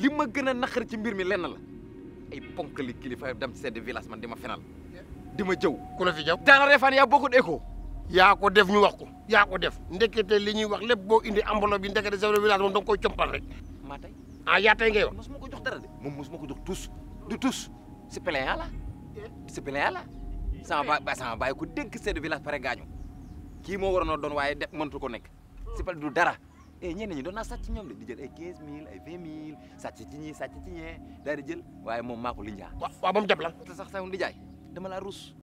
lima gëna naxar a ci mbir mi lenn la ay ponkali kilifa dem ci sedd village man dima ma dima jëw ku la fi jëw daana refane ya bokkut écho ya ko def ñu wax ko ya ko def ndekete li ñuy wax lepp bo indi ambolo bi ndekete chef de village moom dang koy compal rek ma tay ah ya tay ngay wax mos mako jox dara de moom mosuma jox tous du tous si pléa la si pléa la sama ba sama bàyyi ko dénk sedd village paré gañu ki mo warono a waye waaye de mëntu ko nek ci pal du dara et eh, ñenn ñi doona naa sàcc ñoom de di jël ay 15000 ay 20000 sacc ci ñii sàcc ci ñee da di jël waaye moom maa ko li jaay. waaw waaw ba mu jàpp lan. te sax sa woon di laa ruus.